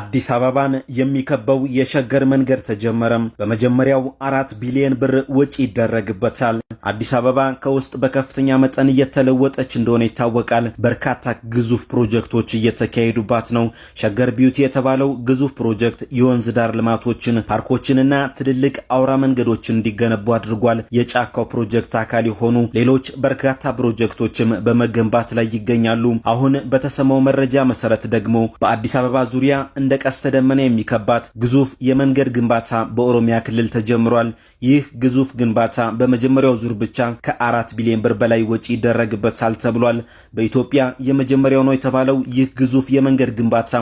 አዲስ አበባን የሚከበው የሸገር መንገድ ተጀመረ። በመጀመሪያው አራት ቢሊዮን ብር ወጪ ይደረግበታል። አዲስ አበባ ከውስጥ በከፍተኛ መጠን እየተለወጠች እንደሆነ ይታወቃል። በርካታ ግዙፍ ፕሮጀክቶች እየተካሄዱባት ነው። ሸገር ቢዩቲ የተባለው ግዙፍ ፕሮጀክት የወንዝ ዳር ልማቶችን፣ ፓርኮችንና ትልልቅ አውራ መንገዶችን እንዲገነቡ አድርጓል። የጫካው ፕሮጀክት አካል የሆኑ ሌሎች በርካታ ፕሮጀክቶችም በመገንባት ላይ ይገኛሉ። አሁን በተሰማው መረጃ መሰረት ደግሞ በአዲስ አበባ ዙሪያ እንደ ቀስተ ደመና የሚከባት ግዙፍ የመንገድ ግንባታ በኦሮሚያ ክልል ተጀምሯል። ይህ ግዙፍ ግንባታ በመጀመሪያው ዙር ብቻ ከአራት ቢሊዮን ብር በላይ ወጪ ይደረግበታል ተብሏል። በኢትዮጵያ የመጀመሪያው ነው የተባለው ይህ ግዙፍ የመንገድ ግንባታ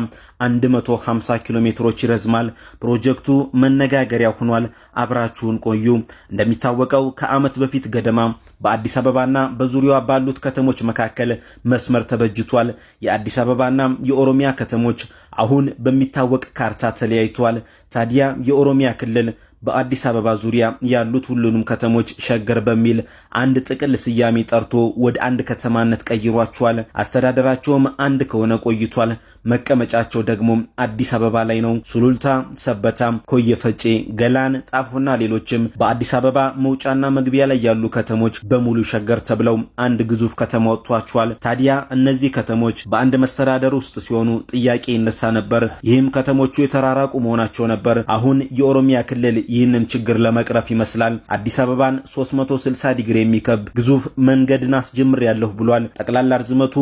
150 ኪሎ ሜትሮች ይረዝማል። ፕሮጀክቱ መነጋገሪያ ሆኗል። አብራችሁን ቆዩ። እንደሚታወቀው ከዓመት በፊት ገደማ በአዲስ አበባና በዙሪያዋ ባሉት ከተሞች መካከል መስመር ተበጅቷል። የአዲስ አበባና የኦሮሚያ ከተሞች አሁን በሚታወቅ ካርታ ተለያይተዋል። ታዲያ የኦሮሚያ ክልል በአዲስ አበባ ዙሪያ ያሉት ሁሉንም ከተሞች ሸገር በሚል አንድ ጥቅል ስያሜ ጠርቶ ወደ አንድ ከተማነት ቀይሯቸዋል። አስተዳደራቸውም አንድ ከሆነ ቆይቷል። መቀመጫቸው ደግሞ አዲስ አበባ ላይ ነው። ሱሉልታ፣ ሰበታ፣ ኮየፈጬ፣ ገላን፣ ጣፎና ሌሎችም በአዲስ አበባ መውጫና መግቢያ ላይ ያሉ ከተሞች በሙሉ ሸገር ተብለው አንድ ግዙፍ ከተማ ወጥቷቸዋል። ታዲያ እነዚህ ከተሞች በአንድ መስተዳደር ውስጥ ሲሆኑ ጥያቄ ይነሳ ነበር። ይህም ከተሞቹ የተራራቁ መሆናቸው ነበር። አሁን የኦሮሚያ ክልል ይህንን ችግር ለመቅረፍ ይመስላል አዲስ አበባን 360 ዲግሪ የሚከብ ግዙፍ መንገድን አስጀምር ያለሁ ብሏል። ጠቅላላ ርዝመቱ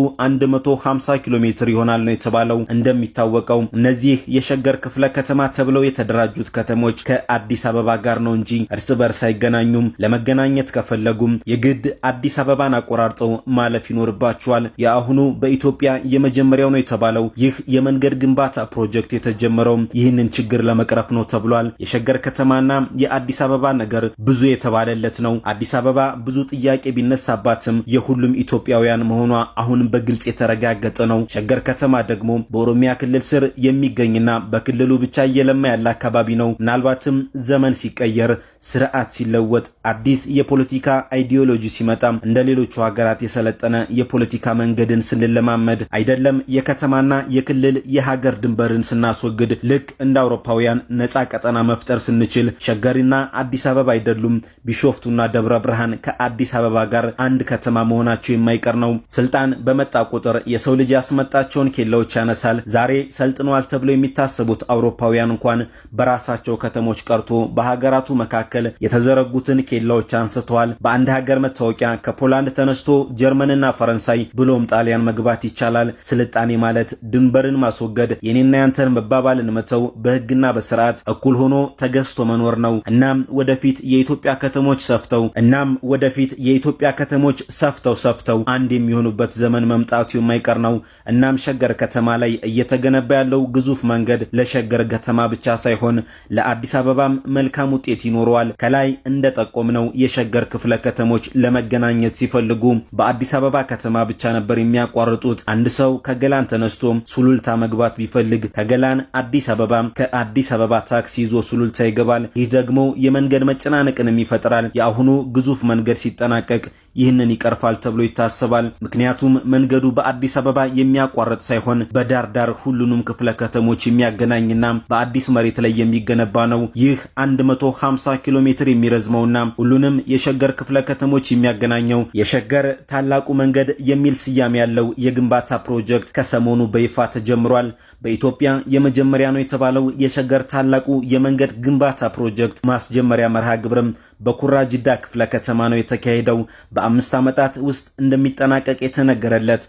150 ኪሎ ሜትር ይሆናል ነው የተባለው። እንደሚታወቀው እነዚህ የሸገር ክፍለ ከተማ ተብለው የተደራጁት ከተሞች ከአዲስ አበባ ጋር ነው እንጂ እርስ በርስ አይገናኙም። ለመገናኘት ከፈለጉም የግድ አዲስ አበባን አቆራርጠው ማለፍ ይኖርባቸዋል። የአሁኑ በኢትዮጵያ የመጀመሪያው ነው የተባለው ይህ የመንገድ ግንባታ ፕሮጀክት የተጀመረው ይህንን ችግር ለመቅረፍ ነው ተብሏል። የሸገር ከተማ ከተማና የአዲስ አበባ ነገር ብዙ የተባለለት ነው። አዲስ አበባ ብዙ ጥያቄ ቢነሳባትም የሁሉም ኢትዮጵያውያን መሆኗ አሁን በግልጽ የተረጋገጠ ነው። ሸገር ከተማ ደግሞ በኦሮሚያ ክልል ስር የሚገኝና በክልሉ ብቻ እየለማ ያለ አካባቢ ነው። ምናልባትም ዘመን ሲቀየር፣ ስርዓት ሲለወጥ፣ አዲስ የፖለቲካ አይዲዮሎጂ ሲመጣ እንደ ሌሎቹ ሀገራት የሰለጠነ የፖለቲካ መንገድን ስንለማመድ አይደለም የከተማና የክልል የሀገር ድንበርን ስናስወግድ ልክ እንደ አውሮፓውያን ነፃ ቀጠና መፍጠር ስንችል ሲል ሸገሪና አዲስ አበባ አይደሉም። ቢሾፍቱና ደብረ ብርሃን ከአዲስ አበባ ጋር አንድ ከተማ መሆናቸው የማይቀር ነው። ስልጣን በመጣ ቁጥር የሰው ልጅ ያስመጣቸውን ኬላዎች ያነሳል። ዛሬ ሰልጥነዋል ተብለው የሚታሰቡት አውሮፓውያን እንኳን በራሳቸው ከተሞች ቀርቶ በሀገራቱ መካከል የተዘረጉትን ኬላዎች አንስተዋል። በአንድ ሀገር መታወቂያ ከፖላንድ ተነስቶ ጀርመንና ፈረንሳይ ብሎም ጣሊያን መግባት ይቻላል። ስልጣኔ ማለት ድንበርን ማስወገድ፣ የኔና ያንተን መባባልን መተው፣ በህግና በስርዓት እኩል ሆኖ ተገዝቶ መኖር ነው። እናም ወደፊት የኢትዮጵያ ከተሞች ሰፍተው እናም ወደፊት የኢትዮጵያ ከተሞች ሰፍተው ሰፍተው አንድ የሚሆኑበት ዘመን መምጣቱ የማይቀር ነው። እናም ሸገር ከተማ ላይ እየተገነባ ያለው ግዙፍ መንገድ ለሸገር ከተማ ብቻ ሳይሆን ለአዲስ አበባም መልካም ውጤት ይኖረዋል። ከላይ እንደጠቆምነው የሸገር ክፍለ ከተሞች ለመገናኘት ሲፈልጉ በአዲስ አበባ ከተማ ብቻ ነበር የሚያቋርጡት። አንድ ሰው ከገላን ተነስቶ ሱሉልታ መግባት ቢፈልግ ከገላን አዲስ አበባ ከአዲስ አበባ ታክሲ ይዞ ሱሉልታ ይገባል። ይህ ደግሞ የመንገድ መጨናነቅንም ይፈጥራል። የአሁኑ ግዙፍ መንገድ ሲጠናቀቅ ይህንን ይቀርፋል ተብሎ ይታሰባል። ምክንያቱም መንገዱ በአዲስ አበባ የሚያቋርጥ ሳይሆን በዳርዳር ሁሉንም ክፍለ ከተሞች የሚያገናኝና በአዲስ መሬት ላይ የሚገነባ ነው። ይህ 150 ኪሎ ሜትር የሚረዝመውና ሁሉንም የሸገር ክፍለ ከተሞች የሚያገናኘው የሸገር ታላቁ መንገድ የሚል ስያሜ ያለው የግንባታ ፕሮጀክት ከሰሞኑ በይፋ ተጀምሯል። በኢትዮጵያ የመጀመሪያ ነው የተባለው የሸገር ታላቁ የመንገድ ግንባታ ፕሮጀክት ማስጀመሪያ መርሃ ግብርም በኩራጅዳ ክፍለ ከተማ ነው የተካሄደው። በ በአምስት ዓመታት ውስጥ እንደሚጠናቀቅ የተነገረለት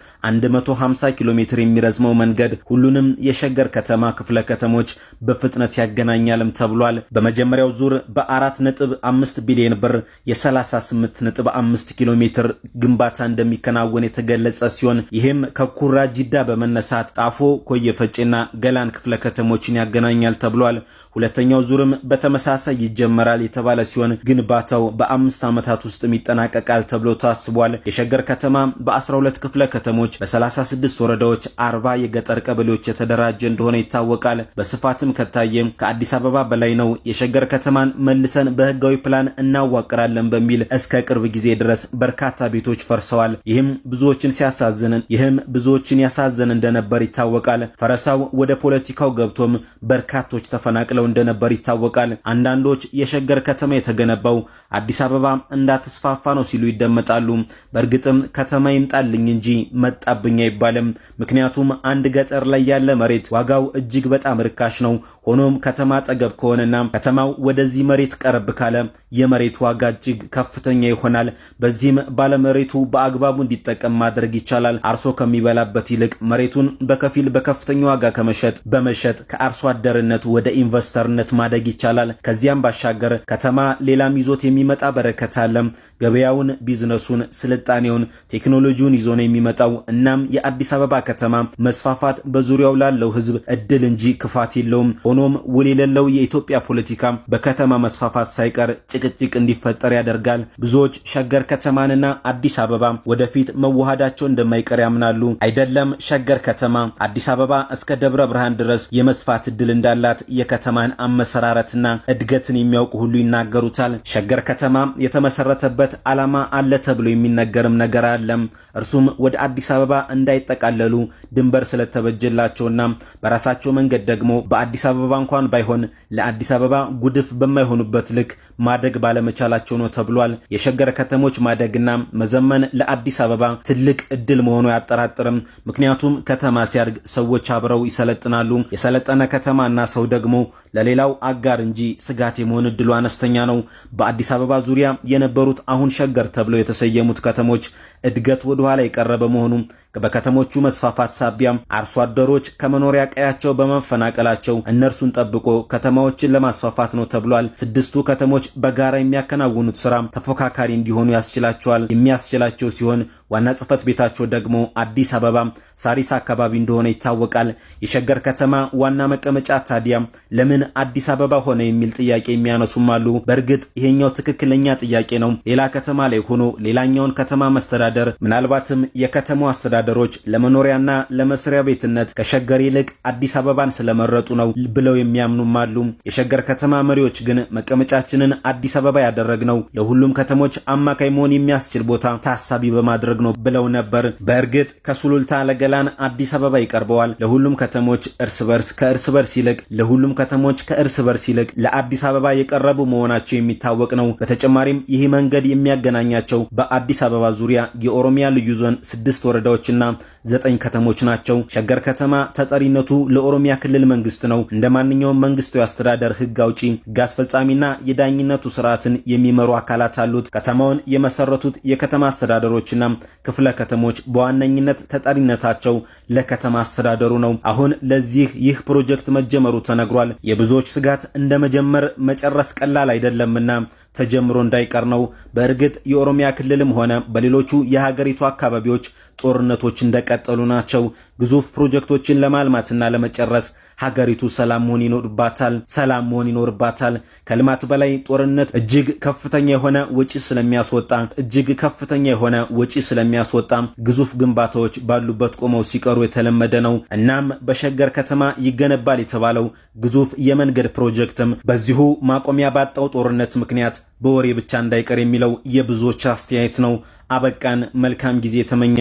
150 ኪሎ ሜትር የሚረዝመው መንገድ ሁሉንም የሸገር ከተማ ክፍለ ከተሞች በፍጥነት ያገናኛልም ተብሏል። በመጀመሪያው ዙር በ4.5 ቢሊዮን ብር የ38.5 ኪሎ ሜትር ግንባታ እንደሚከናወን የተገለጸ ሲሆን ይህም ከኩራ ጂዳ በመነሳት ጣፎ፣ ኮየፈጬና ገላን ክፍለ ከተሞችን ያገናኛል ተብሏል። ሁለተኛው ዙርም በተመሳሳይ ይጀመራል የተባለ ሲሆን ግንባታው በአምስት ዓመታት ውስጥ ይጠናቀቃል ተብሎ ተብሎ ታስቧል። የሸገር ከተማ በ12 ክፍለ ከተሞች በ36 ወረዳዎች 40 የገጠር ቀበሌዎች የተደራጀ እንደሆነ ይታወቃል። በስፋትም ከታየ ከአዲስ አበባ በላይ ነው። የሸገር ከተማን መልሰን በህጋዊ ፕላን እናዋቅራለን በሚል እስከ ቅርብ ጊዜ ድረስ በርካታ ቤቶች ፈርሰዋል። ይህም ብዙዎችን ሲያሳዝንን ይህም ብዙዎችን ያሳዘን እንደነበር ይታወቃል። ፈረሳው ወደ ፖለቲካው ገብቶም በርካቶች ተፈናቅለው እንደነበር ይታወቃል። አንዳንዶች የሸገር ከተማ የተገነባው አዲስ አበባ እንዳትስፋፋ ነው ሲሉ ይደ ይደመጣሉ። በእርግጥም ከተማ ይምጣልኝ እንጂ መጣብኝ አይባልም። ምክንያቱም አንድ ገጠር ላይ ያለ መሬት ዋጋው እጅግ በጣም ርካሽ ነው። ሆኖም ከተማ አጠገብ ከሆነና ከተማው ወደዚህ መሬት ቀረብ ካለ የመሬት ዋጋ እጅግ ከፍተኛ ይሆናል። በዚህም ባለመሬቱ በአግባቡ እንዲጠቀም ማድረግ ይቻላል። አርሶ ከሚበላበት ይልቅ መሬቱን በከፊል በከፍተኛ ዋጋ ከመሸጥ በመሸጥ ከአርሶ አደርነት ወደ ኢንቨስተርነት ማደግ ይቻላል። ከዚያም ባሻገር ከተማ ሌላም ይዞት የሚመጣ በረከት አለ። ገበያውን ቢዝ ቢዝነሱን፣ ስልጣኔውን፣ ቴክኖሎጂውን ይዞ ነው የሚመጣው። እናም የአዲስ አበባ ከተማ መስፋፋት በዙሪያው ላለው ህዝብ እድል እንጂ ክፋት የለውም። ሆኖም ውል የሌለው የኢትዮጵያ ፖለቲካ በከተማ መስፋፋት ሳይቀር ጭቅጭቅ እንዲፈጠር ያደርጋል። ብዙዎች ሸገር ከተማንና አዲስ አበባ ወደፊት መዋሃዳቸው እንደማይቀር ያምናሉ። አይደለም ሸገር ከተማ አዲስ አበባ እስከ ደብረ ብርሃን ድረስ የመስፋት እድል እንዳላት የከተማን አመሰራረትና እድገትን የሚያውቁ ሁሉ ይናገሩታል። ሸገር ከተማ የተመሰረተበት ዓላማ አለ አለ ተብሎ የሚነገርም ነገር አለም። እርሱም ወደ አዲስ አበባ እንዳይጠቃለሉ ድንበር ስለተበጀላቸውና በራሳቸው መንገድ ደግሞ በአዲስ አበባ እንኳን ባይሆን ለአዲስ አበባ ጉድፍ በማይሆኑበት ልክ ማደግ ባለመቻላቸው ነው ተብሏል። የሸገር ከተሞች ማደግና መዘመን ለአዲስ አበባ ትልቅ እድል መሆኑ አያጠራጥርም። ምክንያቱም ከተማ ሲያድግ ሰዎች አብረው ይሰለጥናሉ። የሰለጠነ ከተማና ሰው ደግሞ ለሌላው አጋር እንጂ ስጋት የመሆን እድሉ አነስተኛ ነው። በአዲስ አበባ ዙሪያ የነበሩት አሁን ሸገር ተብሎ ተብለው የተሰየሙት ከተሞች እድገት ወደ ኋላ የቀረ በመሆኑ በከተሞቹ መስፋፋት ሳቢያም አርሶ አደሮች ከመኖሪያ ቀያቸው በመፈናቀላቸው እነርሱን ጠብቆ ከተማዎችን ለማስፋፋት ነው ተብሏል። ስድስቱ ከተሞች በጋራ የሚያከናውኑት ስራ ተፎካካሪ እንዲሆኑ ያስችላቸዋል የሚያስችላቸው ሲሆን ዋና ጽህፈት ቤታቸው ደግሞ አዲስ አበባ ሳሪስ አካባቢ እንደሆነ ይታወቃል። የሸገር ከተማ ዋና መቀመጫ ታዲያ ለምን አዲስ አበባ ሆነ የሚል ጥያቄ የሚያነሱም አሉ። በእርግጥ ይሄኛው ትክክለኛ ጥያቄ ነው። ሌላ ከተማ ላይ ሆኖ ሌላኛውን ከተማ መስተዳደር ምናልባትም የከተማው አስተዳደሮች ለመኖሪያና ለመስሪያ ቤትነት ከሸገር ይልቅ አዲስ አበባን ስለመረጡ ነው ብለው የሚያምኑም አሉ። የሸገር ከተማ መሪዎች ግን መቀመጫችንን አዲስ አበባ ያደረግነው ለሁሉም ከተሞች አማካይ መሆን የሚያስችል ቦታ ታሳቢ በማድረግ ነው ብለው ነበር። በእርግጥ ከሱሉልታ ለገላን አዲስ አበባ ይቀርበዋል። ለሁሉም ከተሞች እርስ በርስ ከእርስ በርስ ይልቅ ለሁሉም ከተሞች ከእርስ በርስ ይልቅ ለአዲስ አበባ የቀረቡ መሆናቸው የሚታወቅ ነው። በተጨማሪም ይህ መንገድ የሚያገናኛቸው ያላቸው በአዲስ አበባ ዙሪያ የኦሮሚያ ልዩ ዞን ስድስት ወረዳዎችና ዘጠኝ ከተሞች ናቸው። ሸገር ከተማ ተጠሪነቱ ለኦሮሚያ ክልል መንግስት ነው። እንደ ማንኛውም መንግስታዊ አስተዳደር ህግ አውጪ፣ ህግ አስፈጻሚና የዳኝነቱ ስርዓትን የሚመሩ አካላት አሉት። ከተማውን የመሰረቱት የከተማ አስተዳደሮችና ክፍለ ከተሞች በዋነኝነት ተጠሪነታቸው ለከተማ አስተዳደሩ ነው። አሁን ለዚህ ይህ ፕሮጀክት መጀመሩ ተነግሯል። የብዙዎች ስጋት እንደ መጀመር መጨረስ ቀላል አይደለምና ተጀምሮ እንዳይቀር ነው። በእርግጥ የኦሮሚያ ክልልም ሆነ በሌሎቹ የሀገሪቱ አካባቢዎች ጦርነቶች እንደቀጠሉ ናቸው። ግዙፍ ፕሮጀክቶችን ለማልማትና ለመጨረስ ሀገሪቱ ሰላም መሆን ይኖርባታል። ሰላም መሆን ይኖርባታል። ከልማት በላይ ጦርነት እጅግ ከፍተኛ የሆነ ወጪ ስለሚያስወጣ እጅግ ከፍተኛ የሆነ ወጪ ስለሚያስወጣ ግዙፍ ግንባታዎች ባሉበት ቆመው ሲቀሩ የተለመደ ነው። እናም በሸገር ከተማ ይገነባል የተባለው ግዙፍ የመንገድ ፕሮጀክትም በዚሁ ማቆሚያ ባጣው ጦርነት ምክንያት በወሬ ብቻ እንዳይቀር የሚለው የብዙዎች አስተያየት ነው። አበቃን። መልካም ጊዜ የተመኘ